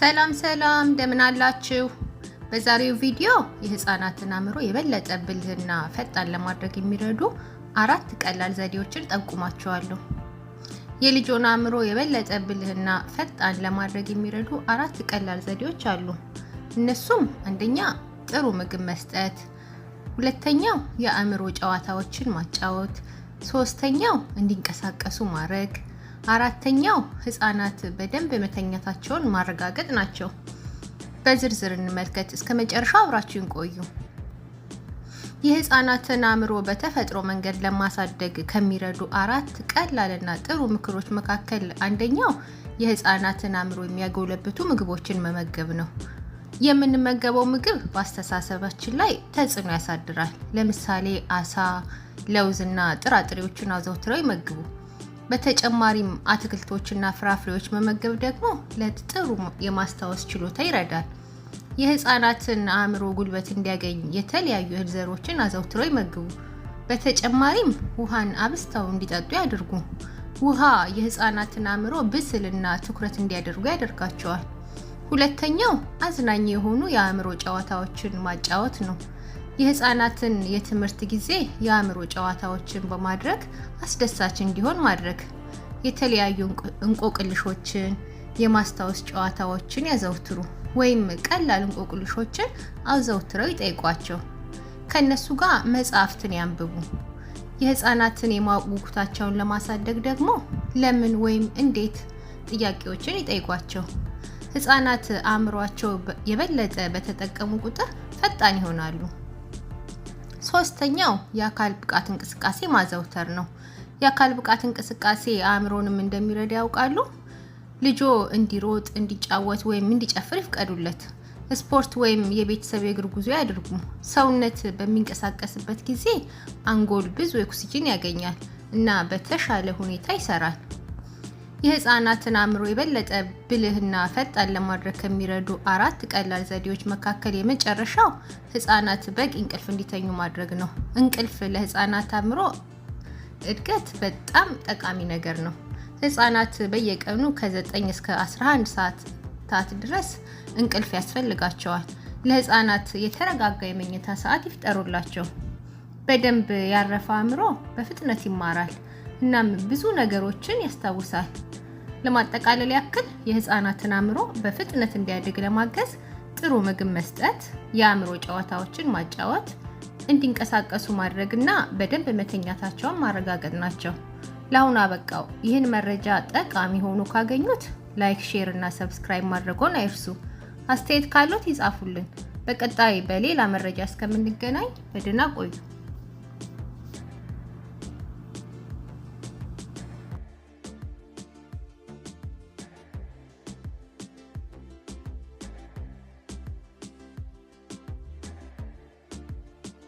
ሰላም ሰላም፣ እንደምን አላችሁ? በዛሬው ቪዲዮ የህፃናትን አእምሮ የበለጠ ብልህና ፈጣን ለማድረግ የሚረዱ አራት ቀላል ዘዴዎችን ጠቁማችኋለሁ። የልጆን አእምሮ የበለጠ ብልህና ፈጣን ለማድረግ የሚረዱ አራት ቀላል ዘዴዎች አሉ። እነሱም አንደኛ፣ ጥሩ ምግብ መስጠት፣ ሁለተኛው፣ የአእምሮ ጨዋታዎችን ማጫወት፣ ሶስተኛው፣ እንዲንቀሳቀሱ ማድረግ አራተኛው ህጻናት በደንብ መተኛታቸውን ማረጋገጥ ናቸው። በዝርዝር እንመልከት። እስከ መጨረሻ አብራችሁን ቆዩ። የህፃናትን አእምሮ በተፈጥሮ መንገድ ለማሳደግ ከሚረዱ አራት ቀላልና ጥሩ ምክሮች መካከል አንደኛው የህፃናትን አእምሮ የሚያጎለብቱ ምግቦችን መመገብ ነው። የምንመገበው ምግብ በአስተሳሰባችን ላይ ተጽዕኖ ያሳድራል። ለምሳሌ አሳ፣ ለውዝና ጥራጥሬዎችን አዘውትረው ይመግቡ። በተጨማሪም አትክልቶችና ፍራፍሬዎች መመገብ ደግሞ ለጥሩ የማስታወስ ችሎታ ይረዳል። የህፃናትን አእምሮ ጉልበት እንዲያገኝ የተለያዩ እህል ዘሮችን አዘውትረው ይመግቡ። በተጨማሪም ውሃን አብስተው እንዲጠጡ ያድርጉ። ውሃ የህፃናትን አእምሮ ብስልና ትኩረት እንዲያደርጉ ያደርጋቸዋል። ሁለተኛው አዝናኝ የሆኑ የአእምሮ ጨዋታዎችን ማጫወት ነው። የህፃናትን የትምህርት ጊዜ የአእምሮ ጨዋታዎችን በማድረግ አስደሳች እንዲሆን ማድረግ፣ የተለያዩ እንቆቅልሾችን፣ የማስታወስ ጨዋታዎችን ያዘውትሩ ወይም ቀላል እንቆቅልሾችን አዘውትረው ይጠይቋቸው። ከእነሱ ጋር መጽሐፍትን ያንብቡ። የህፃናትን የማወቅ ጉጉታቸውን ለማሳደግ ደግሞ ለምን ወይም እንዴት ጥያቄዎችን ይጠይቋቸው። ህፃናት አእምሯቸው የበለጠ በተጠቀሙ ቁጥር ፈጣን ይሆናሉ። ሶስተኛው የአካል ብቃት እንቅስቃሴ ማዘውተር ነው። የአካል ብቃት እንቅስቃሴ አእምሮንም እንደሚረዳ ያውቃሉ። ልጆ እንዲሮጥ፣ እንዲጫወት ወይም እንዲጨፍር ይፍቀዱለት። ስፖርት ወይም የቤተሰብ የእግር ጉዞ ያድርጉ። ሰውነት በሚንቀሳቀስበት ጊዜ አንጎል ብዙ ኦክሲጅን ያገኛል እና በተሻለ ሁኔታ ይሰራል። የህፃናትን አእምሮ የበለጠ ብልህና ፈጣን ለማድረግ ከሚረዱ አራት ቀላል ዘዴዎች መካከል የመጨረሻው ህፃናት በቂ እንቅልፍ እንዲተኙ ማድረግ ነው። እንቅልፍ ለህፃናት አእምሮ እድገት በጣም ጠቃሚ ነገር ነው። ህፃናት በየቀኑ ከ9 እስከ 11 ሰዓታት ድረስ እንቅልፍ ያስፈልጋቸዋል። ለህፃናት የተረጋጋ የመኝታ ሰዓት ይፍጠሩላቸው። በደንብ ያረፈ አእምሮ በፍጥነት ይማራል። እናም ብዙ ነገሮችን ያስታውሳል። ለማጠቃለል ያክል የህፃናትን አእምሮ በፍጥነት እንዲያድግ ለማገዝ ጥሩ ምግብ መስጠት፣ የአእምሮ ጨዋታዎችን ማጫወት፣ እንዲንቀሳቀሱ ማድረግና በደንብ መተኛታቸውን ማረጋገጥ ናቸው። ለአሁን አበቃው። ይህን መረጃ ጠቃሚ ሆኖ ካገኙት ላይክ፣ ሼር እና ሰብስክራይብ ማድረጎን አይርሱ። አስተያየት ካሎት ይጻፉልን። በቀጣይ በሌላ መረጃ እስከምንገናኝ በደህና ቆዩ።